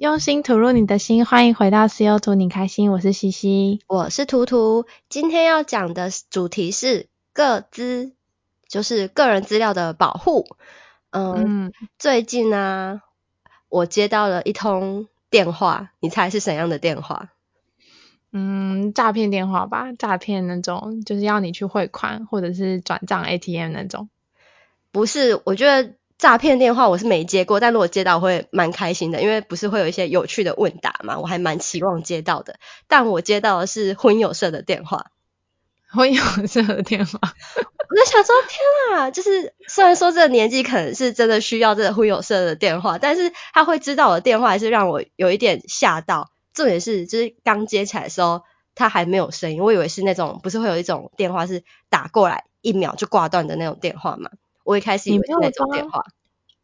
用心吐露你的心，歡迎回到 C.O. 圖你開心，我是西西，我是圖圖。今天要講的主題是個資，就是個人資料的保護。呃、嗯，最近呢、啊，我接到了一通電話，你猜是怎樣的電話？嗯，詐騙電話吧，詐騙那種，就是要你去匯款或者是轉賬 ATM 那種。不是，我覺得。詐騙電話我是沒接過，但如果接到會蠻開心的，因為不是會有一些有趣的問答嘛，我還蠻期望接到的。但我接到的是婚友社的電話，婚友社的電話， 我在想說天啊，就是雖然說這個年紀可能是真的需要這個婚友社的電話，但是他會知道我的電話，還是讓我有一點嚇到。重點是就是剛接起來的時候，他還沒有聲音，我以為是那種不是會有一種電話是打過來一秒就掛斷的那種電話嘛。我也開始你沒有裝電話，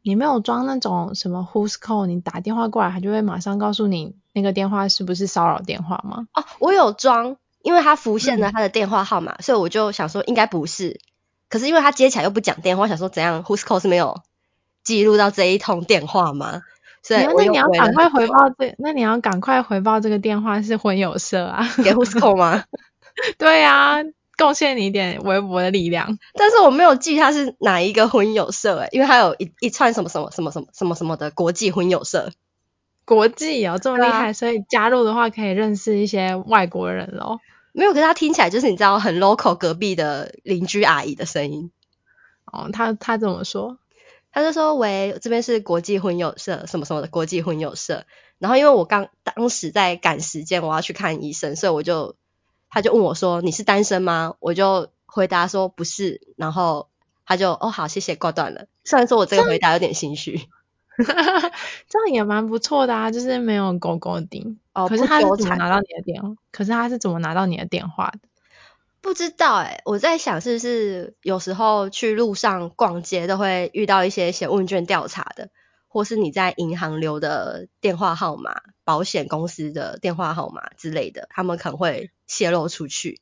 你沒有裝那種什麼 Who's Call，你打電話過來，他就會馬上告訴你那個電話是不是騷擾電話嗎？哦，我有裝，因為他浮現了他的電話號碼，嗯、所以我就想說應該不是。可是因為他接起來又不講電話，想說怎樣 Who's Call 是沒有記錄到這一通電話嗎？所以因為那你要趕快回報這，那你要趕快回報這個電話是婚友社啊，給 Who's Call 嗎？ 對呀、啊。貢獻你一點微薄的力量，但是我沒有記他是哪一個婚友社哎、欸，因為他有一一串什麼什麼什麼什麼什麼什麼的國際婚友社，國際哦這麼厲害，啊、所以加入的話可以認識一些外國人嘍。沒有，可是他聽起來就是你知道很 local 隔壁的鄰居阿姨的聲音。哦，他他怎麼說？他就說：“喂，這邊是國際婚友社，什麼什麼的國際婚友社。”然後因為我剛當時在趕時間，我要去看醫生，所以我就。他就問我說：“你是單身嗎？”我就回答說：“不是。”然後他就：“哦，好，謝謝，掛斷了。”雖然說我這個回答有點心虛，這樣， 這樣也蠻不錯的啊，就是沒有勾勾丁。哦，可是他是怎麼拿到你的電？的可是他是怎麼拿到你的電話的？不知道哎、欸，我在想，是不是有時候去路上逛街都會遇到一些寫問卷調查的，或是你在銀行留的電話號碼、保險公司的電話號碼之類的，他們可能會。洩露出去，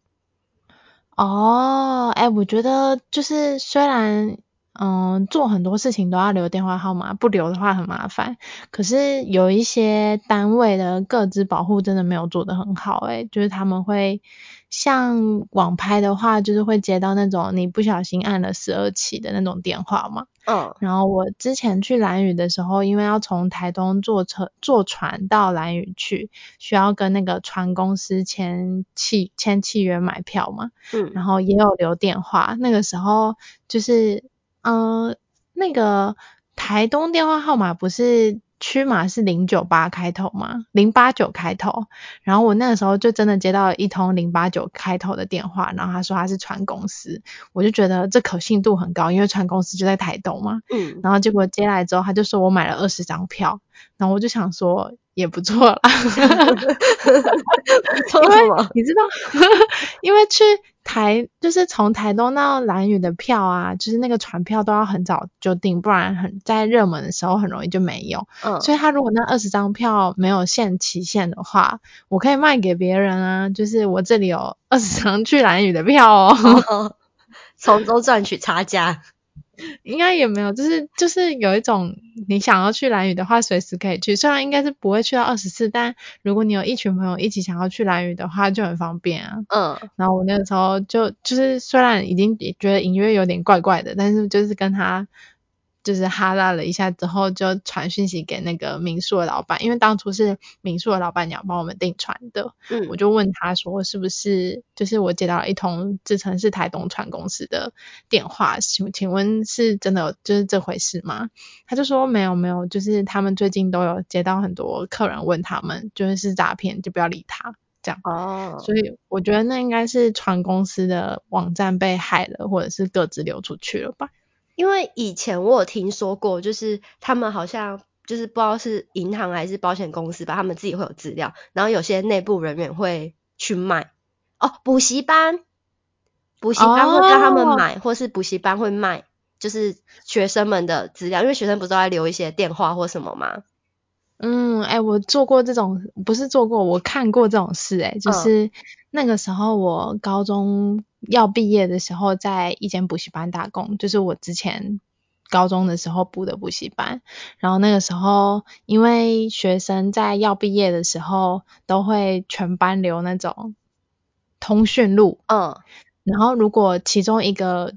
哦，哎，我覺得就是雖然，嗯，做很多事情都要留電話號碼，不留的話很麻煩。可是有一些單位的個資保護真的沒有做得很好，欸，哎，就是他們會像網拍的話，就是會接到那種你不小心按了十二期的那種電話嘛。嗯，哦、然後我之前去蘭嶼的時候，因為要從台東坐車坐船到蘭嶼去，需要跟那個船公司簽契簽契約買票嘛，嗯，然後也有留電話，那個時候就是，嗯、呃，那個台東電話號碼不是。區碼是零九八開頭嘛，零八九開頭。然後我那個時候就真的接到一通零八九開頭的電話，然後他說他是船公司，我就覺得這可信度很高，因為船公司就在台東嘛。然後結果接來之後，他就說我買了二十張票。然後我就想說，也不錯啦， 因為你知道，因為去台就是從台東到蘭嶼的票啊，就是那個船票都要很早就訂，不然很在熱門的時候很容易就沒有。嗯，所以他如果那二十張票沒有限期限的話，我可以賣給別人啊，就是我這裡有二十張去蘭嶼的票哦，哦，從中賺取差價。應該也沒有，就是就是有一種你想要去蘭嶼的話，隨時可以去。雖然應該是不會去到二十四，但如果你有一群朋友一起想要去蘭嶼的話，就很方便啊。嗯，然後我那個時候就就是雖然已經也覺得隱約有點怪怪的，但是就是跟他。就是哈拉了一下之後，就傳訊息給那個民宿的老闆，因為當初是民宿的老闆娘幫我們訂船的，嗯、我就問他說是不是，就是我接到了一通自稱是台東船公司的電話，請請問是真的，就是這回事嗎？他就說沒有沒有，就是他們最近都有接到很多客人問他們，就是是詐騙，就不要理他這樣。哦、啊，所以我覺得那應該是船公司的網站被駭了，或者是個資流出去了吧。因為以前我有聽說過，就是他們好像就是不知道是銀行還是保險公司吧，他們自己會有資料，然後有些內部人員會去賣。哦，補習班，補習班會讓他們買，哦、或是補習班會賣，就是學生們的資料，因為學生不知道還留一些電話或什麼嗎？嗯，哎、欸，我做過這種，不是做過，我看過這種事、欸，哎，就是那個時候我高中要畢業的時候，在一間補習班打工，就是我之前高中的時候補的補習班。然後那個時候，因為學生在要畢業的時候都會全班留那種通訊錄，嗯，然後如果其中一個。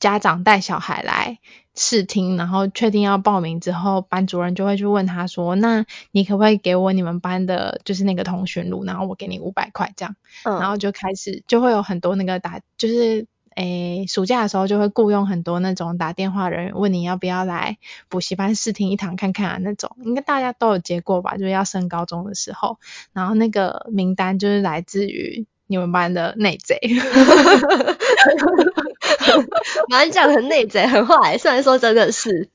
家長帶小孩來試聽，然後確定要報名之後，班主任就會去問他說：“那你可不可以給我你們班的，就是那個通訊錄？然後我給你五百塊，這樣。嗯”然後就開始就會有很多那個打，就是誒，暑假的時候就會雇傭很多那種打電話人員，問你要不要來補習班試聽一堂看看啊，那種應該大家都有接過吧？就是要升高中的時候，然後那個名單就是來自於你們班的內賊。 蠻講的很內賊很壞，雖然說真的是，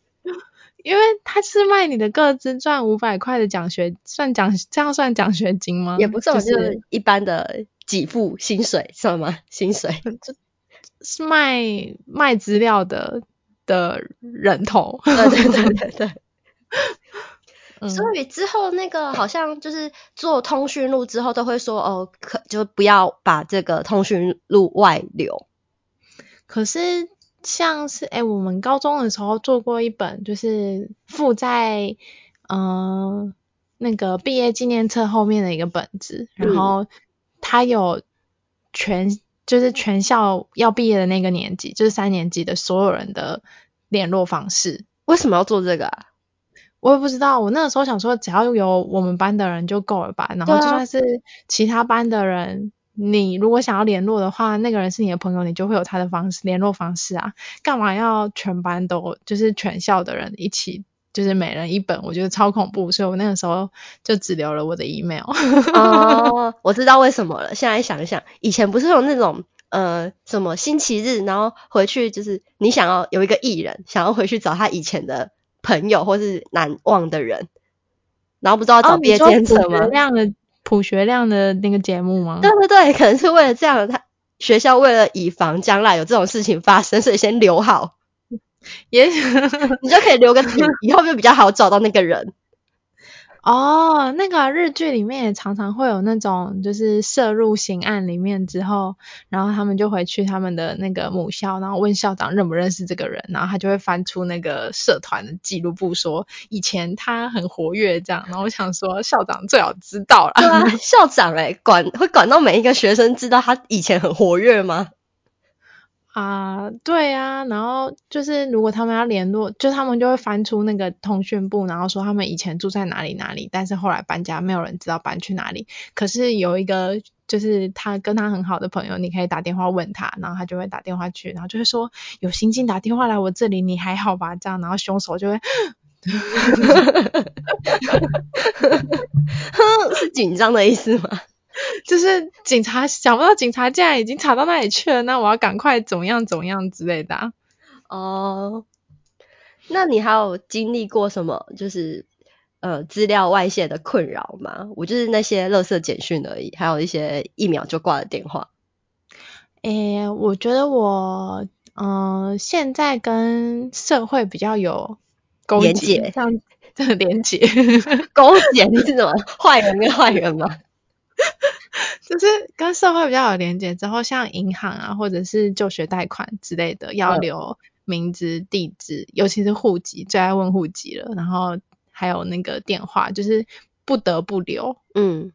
因為他是賣你的個資賺五百塊的獎學，算獎這樣算獎學金嗎？也不是，就是一般的給付薪水、就是、對 是嗎？薪水就，就是賣賣資料的的人頭。對對對對對。 所以之後那個好像就是做通訊錄之後都會說哦，可就不要把這個通訊錄外流。可是像是哎、欸，我們高中的時候做過一本，就是附在嗯、呃、那個畢業紀念冊後面的一個本子，然後他有全就是全校要畢業的那個年級，就是三年級的所有人的聯絡方式。為什麼要做這個啊？我也不知道，我那個時候想說只要有我們班的人就夠了吧，然後就算是其他班的人。你如果想要聯絡的話，那個人是你的朋友，你就會有他的方式，聯絡方式啊。幹嘛要全班都，就是全校的人一起，就是每人一本，我覺得超恐怖。所以我那個時候就只留了我的 email、 哦。我知道為什麼了。現在想一想，以前不是有那種呃什麼星期日，然後回去就是你想要有一個藝人，想要回去找他以前的朋友或是難忘的人，然後不知道找別人什麼樣的。哦卜學亮的那個節目嗎？對對對，可能是為了這樣，他學校為了以防將來有這種事情發生，所以先留好， 也許， 你就可以留個底 以後就比較好找到那個人。哦，oh, 那個、啊、日劇裡面也常常會有那種，就是涉入刑案裡面之後，然後他們就回去他們的那個母校，然後問校長認不認識這個人，然後他就會翻出那個社團的記錄簿，說以前他很活躍這樣，然後我想說校長最好知道了。 對啊，校長誒、欸、管會管到每一個學生知道他以前很活躍嗎？啊，對啊，然後就是如果他們要聯絡，就他們就會翻出那個通訊簿，然後說他們以前住在哪裡哪裡，但是後來搬家，沒有人知道搬去哪裡。可是有一個，就是他跟他很好的朋友，你可以打電話問他，然後他就會打電話去，然後就會說有心情打電話來我這裡，你還好吧？這樣，然後兇手就會，哈哈哼，緊張的意思嗎？就是警察想不到警察竟然已經查到那裡去了，那我要趕快怎麼樣怎麼樣之類的、啊。哦、呃，那你還有經歷過什麼？就是呃資料外泄的困擾嗎？我就是那些垃圾簡訊而已，還有一些一秒就掛的電話。誒，我覺得我嗯、呃，現在跟社會比較有勾解結，這這連結勾結，你是怎麼壞人跟壞人嗎？ 就是跟社會比較有連接之後，像銀行啊，或者是就學貸款之類的，要留名字、地址，對尤其是戶籍，最愛問戶籍了。然後還有那個電話，就是不得不留。嗯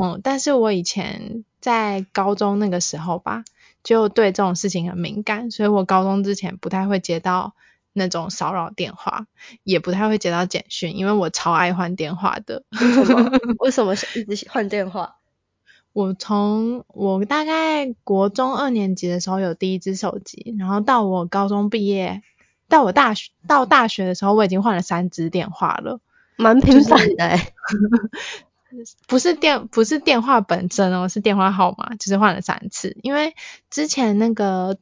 嗯，但是我以前在高中那個時候吧，就對這種事情很敏感，所以我高中之前不太會接到那種騷擾電話，也不太會接到簡訊，因為我超愛換電話的。為什麼？為什麼一直換電話？ 我從我大概國中二年級的時候有第一支手機，然後到我高中畢業，到我大學到大學的時候，我已經換了三支電話了，蠻頻繁的。就是、 不是電不是電話本身哦，是電話號碼，只、就是換了三次。因為之前那個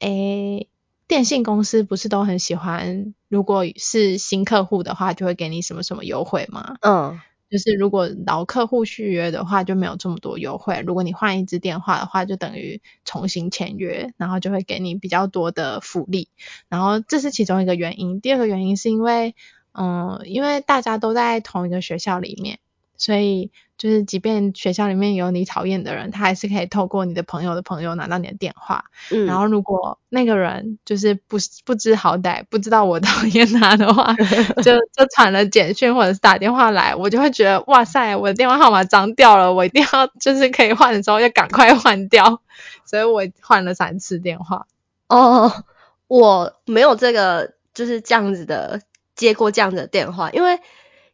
誒，電信公司不是都很喜歡，如果是新客戶的話，就會給你什麼什麼優惠嗎？嗯。就是如果老客戶續約的話，就沒有這麼多優惠。如果你換一支電話的話，就等於重新簽約，然後就會給你比較多的福利。然後這是其中一個原因，第二個原因是因為，嗯，因為大家都在同一個學校裡面。所以，就是即便學校裡面有你討厭的人，他還是可以透過你的朋友的朋友拿到你的電話。嗯，然後如果那個人就是不不知好歹，不知道我討厭他的話， 就就傳了簡訊或者是打電話來，我就會覺得哇塞，我的電話號碼髒掉了，我一定要就是可以換的時候要趕快換掉。所以我換了三次電話。哦，我沒有這個就是這樣子的接過這樣子的電話，因為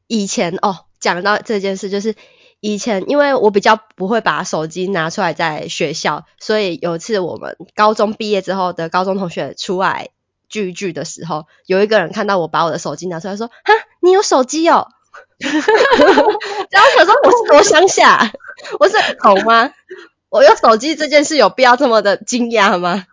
以前哦。講到這件事，就是以前因為我比較不會把手機拿出來在學校，所以有一次我們高中畢業之後的高中同學出來聚一聚的時候，有一個人看到我把我的手機拿出來，說：“哈，你有手機哦！” 然後想說：“我是多鄉下，我是懂嗎、哦？我用手機這件事有必要這麼的驚訝嗎？”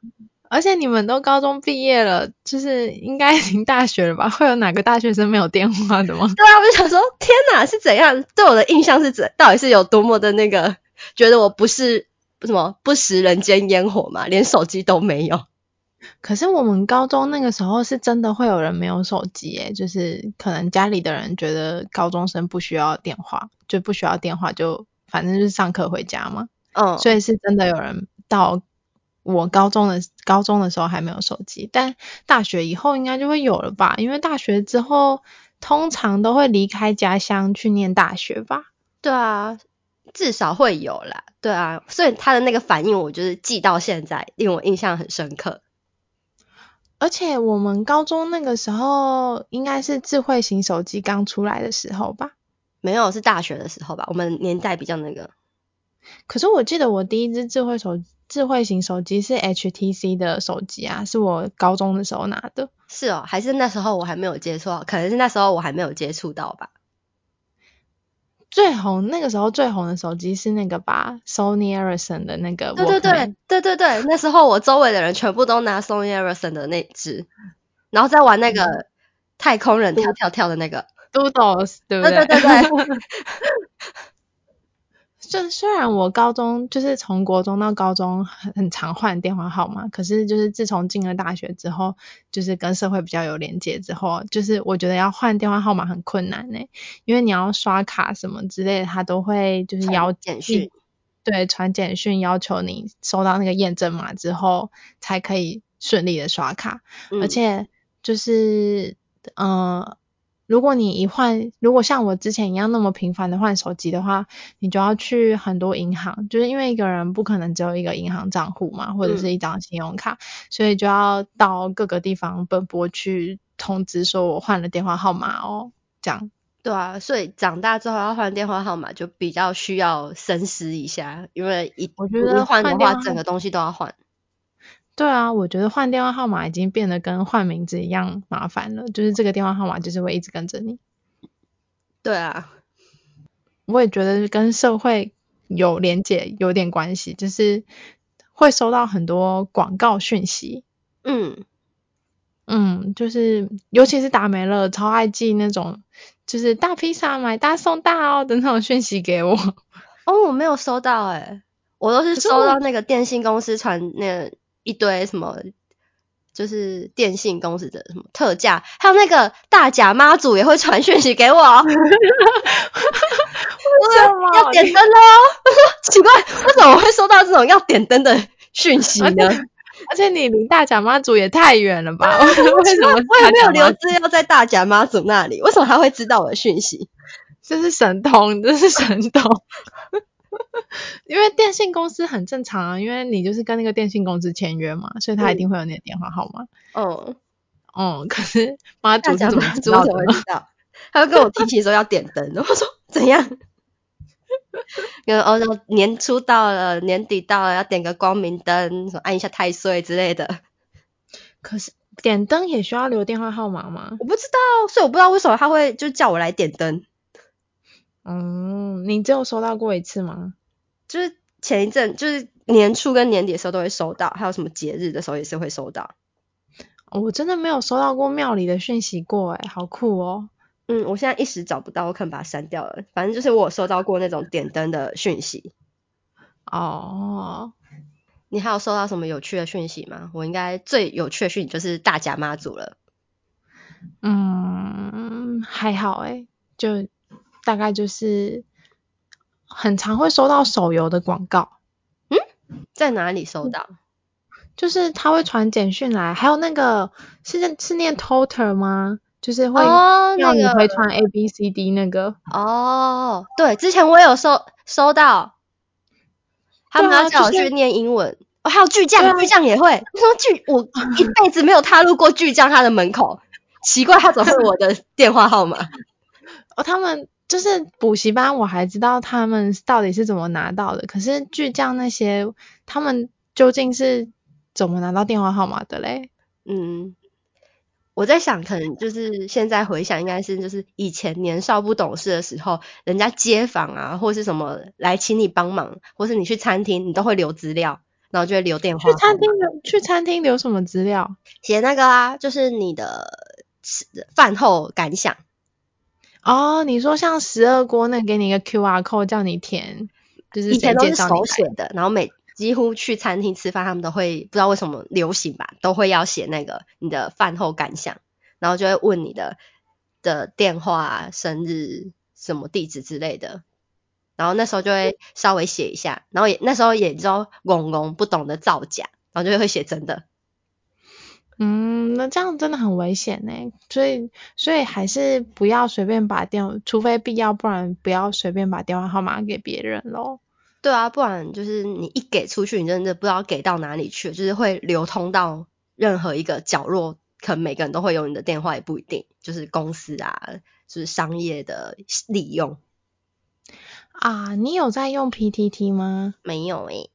而且你們都高中畢業了，就是應該已經大學了吧？會有哪個大學生沒有電話的嗎？對啊，我就想說，天哪，是怎樣？對我的印象是怎？到底是有多麼的那個？覺得我不是什麼不食人間煙火嘛，連手機都沒有。可是我們高中那個時候是真的會有人沒有手機誒，就是可能家裡的人覺得高中生不需要電話，就不需要電話就，就反正就是上課回家嘛。嗯，所以是真的有人到。我高中的高中的時候還沒有手機，但大學以後應該就會有了吧？因為大學之後通常都會離開家鄉去念大學吧？對啊，至少會有啦。對啊，所以他的那個反應，我就是記到現在，令我印象很深刻。而且我們高中那個時候應該是智慧型手機剛出來的時候吧？沒有，是大學的時候吧？我們年代比較那個。可是我記得我第一支智慧手機。智慧型手機是 HTC 的手機啊，是我高中的時候拿的。是哦，還是那時候我還沒有接觸，可能是那時候我還沒有接觸到吧。最紅，那個時候最紅的手機是那個吧，Sony Ericsson 的那個。對對對，對對對，那時候我周圍的人全部都拿 Sony Ericsson 的那支，然後在玩那個太空人跳跳跳的那個 Dodos，對不對？對對對對 就雖然我高中就是從國中到高中很常換電話號碼，可是就是自從進了大學之後，就是跟社會比較有連接之後，就是我覺得要換電話號碼很困難哎，因為你要刷卡什麼之類的，他都會就是要簡訊，對，傳簡訊要求你收到那個驗證碼之後才可以順利的刷卡，嗯、而且就是嗯。呃如果你一換，如果像我之前一樣那麼頻繁的換手機的話，你就要去很多銀行，就是因為一個人不可能只有一個銀行賬戶嘛，或者是一張信用卡，嗯、所以就要到各個地方奔波去通知說我換了電話號碼哦。這樣，對啊，所以長大之後要換電話號碼就比較需要深思一下，因為一我覺得換的話，整個東西都要換。對啊，我覺得換電話號碼已經變得跟換名字一樣麻煩了。就是這個電話號碼就是會一直跟着你。對啊，我也覺得跟社會有連結有點關係，就是會收到很多廣告訊息。嗯嗯，就是尤其是達美樂，超愛寄那種就是大披薩買大送大哦的那種訊息給我。哦，我沒有收到誒，我都是收到那個電信公司傳那個。一堆什麼，就是電信公司的什麼特價，還有那個大甲媽祖也會傳訊息給我， 為什麼 要點燈燈嘍！ 奇怪，為什麼我會收到這種要點燈的訊息呢？而，而且你離大甲媽祖也太遠了吧？ 為什麼 我也沒有留資要在大甲媽祖那裡？為什麼他會知道我的訊息？這是神通，這是神通。 因為電信公司很正常啊，因為你就是跟那個電信公司簽約嘛，所以他一定會有你的電話號碼。哦哦，可是媽祖怎麼怎麼會知道？他會跟我提起說要點燈， 然後我說怎樣？因哦，年初到了，年底到了，要點個光明燈，按一下太歲之類的。可是點燈也需要留電話號碼嗎？我不知道，所以我不知道為什麼他會就叫我來點燈。嗯，你只有收到過一次嗎？就是前一陣，就是年初跟年底的時候都會收到，還有什麼節日的時候也是會收到。我真的沒有收到過廟裡的訊息過、欸，誒好酷哦、喔。嗯，我現在一時找不到，我可能把它刪掉了。反正就是我有收到過那種點燈的訊息。哦，你還有收到什麼有趣的訊息嗎？我應該最有趣的訊息就是大甲媽祖了。嗯，還好誒、欸、就。大概就是很常會收到手遊的廣告，嗯，在哪裡收到？就是他會傳簡訊來，還有那個是是念 total 嗎？就是會讓你會傳 A B C D，那個哦，那個。哦，對，之前我有收收到，他們要叫我去念英文，啊就是哦，還有巨匠，啊，巨匠也會。 為什麼巨我一輩子沒有踏入過巨匠他的門口？ 奇怪，他總是我的電話號碼。 哦，他們。就是補習班，我還知道他們到底是怎麼拿到的。可是巨匠那些，他們究竟是怎麼拿到電話號碼的嘞？嗯，我在想，可能就是現在回想，應該是就是以前年少不懂事的時候，人家街坊啊，或是什麼來請你幫忙，或是你去餐廳，你都會留資料，然後就會留電話號碼去餐廳。去餐廳，去餐廳留什麼資料？寫那個啊，就是你的飯後感想。哦，你說像十二鍋那給你一個 QR code 叫你填，就是以前都是手寫的，然後每幾乎去餐廳吃飯，他們都會不知道為什麼流行吧，都會要寫那個你的飯後感想，然後就會問你的的電話、生日、什麼地址之類的，然後那時候就會稍微寫一下，嗯、然後也那時候也知道懵懵懂懂不懂得造假，然後就會寫真的。嗯，那這樣真的很危險呢，所以所以還是不要隨便把電話，除非必要，不然不要隨便把電話號碼給別人咯。對啊，不然就是你一給出去，你真的不知道給到哪裡去，就是會流通到任何一個角落，可能每個人都會有你的電話也不一定，就是公司啊，就是商業的利用。啊，你有在用 PTT 嗎？沒有誒。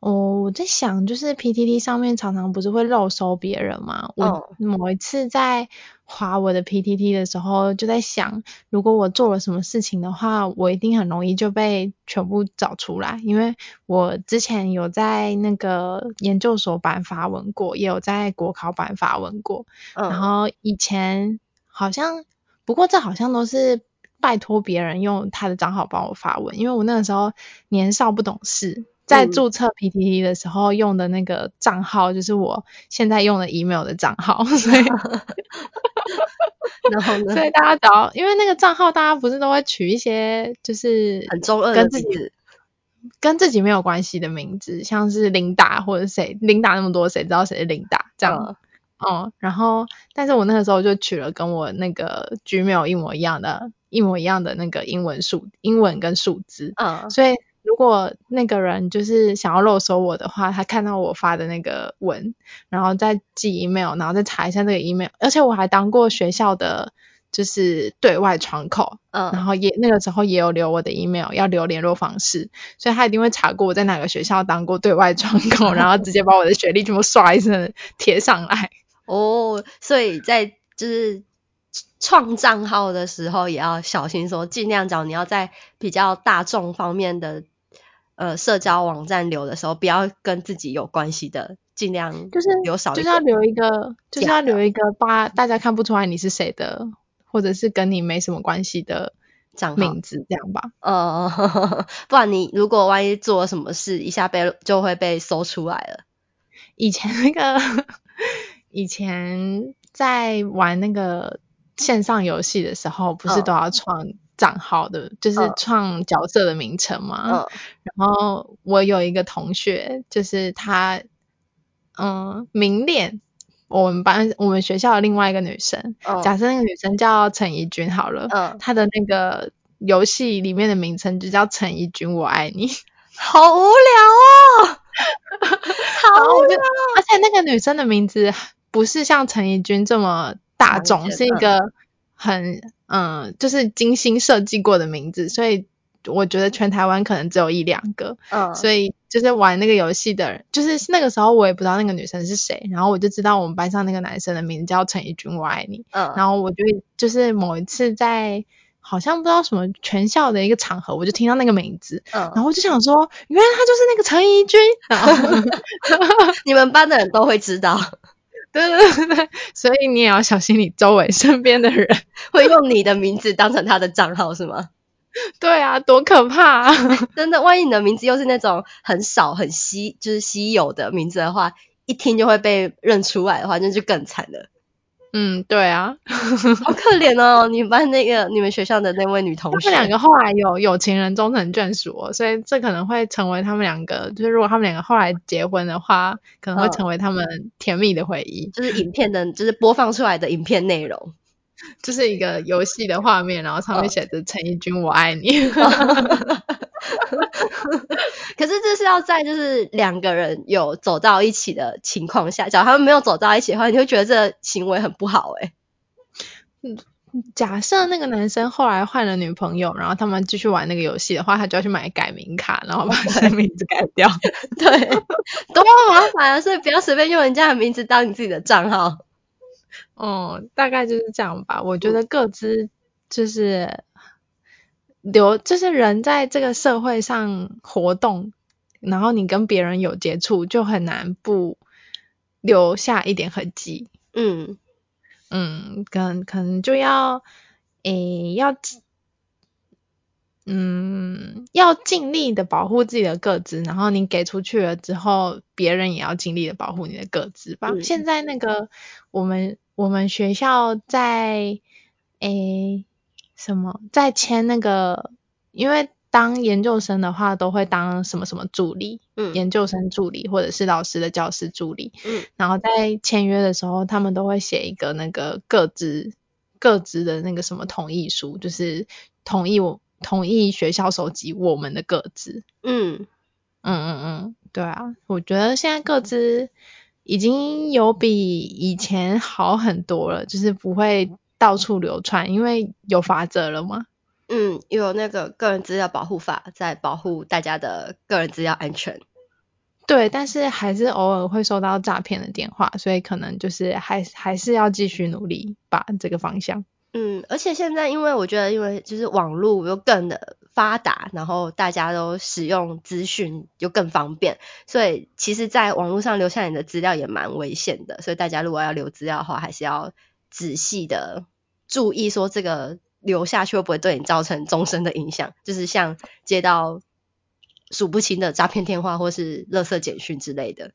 哦，oh, 我在想，就是 PTT 上面常常不是會肉搜別人嘛，oh. 我某一次在劃我的 PTT 的時候，就在想，如果我做了什麼事情的話，我一定很容易就被全部找出來，因為我之前有在那個研究所版發文過，也有在國考版發文過。Oh. 然後以前好像，不過這好像都是拜托別人用他的賬號幫我發文，因為我那個時候年少不懂事。在注冊 PTT 的時候用的那個賬號，就是我現在用的 email 的賬號，所以， 然後呢，所以大家只要因為那個賬號，大家不是都會取一些就是中二跟自己跟自己沒有關係的名字，像是 Linda 或者誰 Linda 那麼多，誰知道誰是 Linda 這樣？哦、嗯嗯，然後但是我那個時候就取了跟我那個 Gmail 一模一樣的，一模一樣的那個英文數英文跟數字，嗯，所以。如果那個人就是想要肉搜我的話，他看到我發的那個文，然後再寄 email，然後再查一下那個 email，而且我還當過學校的，就是對外窗口，嗯，然後也那個時候也有留我的 email，要留聯絡方式，所以他一定會查過我在哪個學校當過對外窗口， 然後直接把我的學歷全部刷一聲貼上來。哦，所以在就是創賬號的時候也要小心說，說儘量找你要在比較大眾方面的。呃，社交網站留的時候，不要跟自己有關係的，盡量就是留少，就是要留一個，就，就是要留一個吧，大家看不出來你是誰的，或者是跟你沒什麼關係的長名字、嗯、這樣吧。呃、嗯，不然你如果萬一做什麼事，一下被就會被搜出來了。以前那個，以前在玩那個線上遊戲的時候，不是都要創？嗯賬號的，就是創角色的名稱嘛。哦、然後我有一個同學，就是她，嗯，明戀我們班我們學校的另外一個女生。哦、假設那個女生叫陳怡君好了，她、哦、的那個遊戲裡面的名稱就叫陳怡君，我愛你。好無聊哦， 好無聊。而且那個女生的名字不是像陳怡君這麼大眾，是一個很。嗯，就是精心設計過的名字，所以我覺得全台灣可能只有一兩個。嗯，所以就是玩那個遊戲的人，就是那個時候我也不知道那個女生是誰，然後我就知道我們班上那個男生的名字叫陳怡君，我愛你。嗯，然後我就就是某一次在好像不知道什麼全校的一個場合，我就聽到那個名字，嗯，然後我就想說原來他就是那個陳怡君。然後你們班的人都會知道？對對對對， 所以你也要小心，你周圍身邊的人 會用你的名字當成他的賬號是嗎？ 對啊，多可怕、啊 哎！真的，萬一你的名字又是那種很少、很稀，就是稀有的名字的話，一聽就會被認出來的話，那就是、更慘了。嗯，對啊， 好可憐哦！你們班那個、你們學校的那位女同學，他們兩個後來有有情人終成眷屬。哦，所以這可能會成為他們兩個，就是如果他們兩個後來結婚的話，可能會成為他們甜蜜的回憶。嗯嗯、就是影片的，就是播放出來的影片內容，就是一個遊戲的畫面，然後上面寫着“陳奕君，oh. 我愛你。” Oh. 可是這是要在就是兩個人有走到一起的情況下，假如他們沒有走到一起的話，你會覺得這行為很不好哎。嗯，假設那個男生後來換了女朋友，然後他們繼續玩那個遊戲的話，他就要去買改名卡，然後把他的名字改掉。對， 對，多麻煩啊！所以不要隨便用人家的名字當你自己的賬號。哦、 嗯，大概就是這樣吧。我覺得個資就是留就是人在這個社會上活動，然後你跟別人有接觸，就很難不留下一點痕迹。嗯嗯，可能可能就要誒要，嗯要盡力的保護自己的個資，然後你給出去了之後，別人也要盡力的保護你的個資吧。嗯、現在那個我們我們學校在誒。什麼在簽那個？因為當研究生的話，都會當什麼什麼助理，嗯，研究生助理或者是老師的教師助理，嗯，然後在簽約的時候，他們都會寫一個那個個資，個資的那個什麼同意書，就是同意我同意學校收集我們的個資，嗯嗯嗯嗯，對啊，我覺得現在個資已經有比以前好很多了，就是不會。到處流傳，因為有法則了嗎？嗯，有那個個人資料保護法在保護大家的個人資料安全。對，但是還是偶爾會收到詐騙的電話，所以可能就是還還是要繼續努力把這個方向。嗯，而且現在因為我覺得，因為就是網絡又更的發達，然後大家都使用資訊又更方便，所以其實在網絡上留下你的資料也蠻危險的。所以大家如果要留資料的話，還是要。仔細的注意，說這個留下去會不會對你造成終身的影響？就是像接到數不清的詐騙電話或是垃圾簡訊之類的，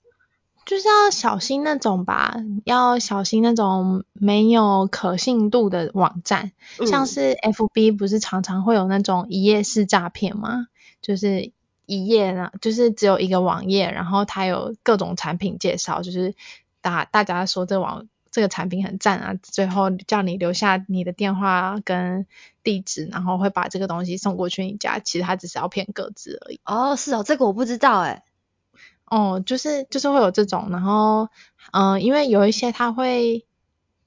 就是要小心那種吧，要小心那種沒有可信度的網站。嗯、像是 FB 不是常常會有那種一頁式詐騙嗎？就是一頁呢，就是只有一個網頁，然後它有各種產品介紹，就是大大家說這網。這個產品很讚啊！最後叫你留下你的電話跟地址，然後會把這個東西送過去你家。其實他只是要騙個子而已。哦，是哦，這個我不知道誒。哦，就是就是會有這種，然後嗯、呃，因為有一些他會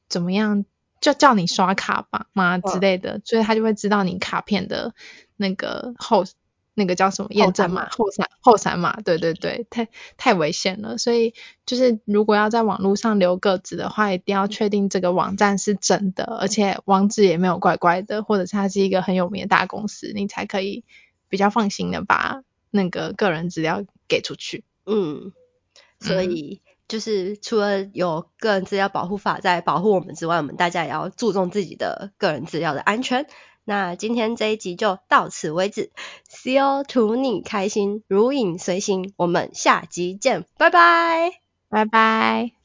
怎麼樣，就叫你刷卡吧嘛哇之類的，所以他就會知道你卡片的那個 host。那個叫什麼驗證碼？後三後三碼，對對對，太太危險了。所以就是如果要在網絡上留個字的話，一定要確定這個網站是真的，而且網址也沒有怪怪的，或者是它是一個很有名的大公司，你才可以比較放心的把那個個人資料給出去。嗯，嗯，所以就是除了有個人資料保護法在保護我們之外，我們大家也要注重自己的個人資料的安全。那今天這一集就到此為止，See you，圖你開心如影隨形，我們下集見，拜拜，拜拜。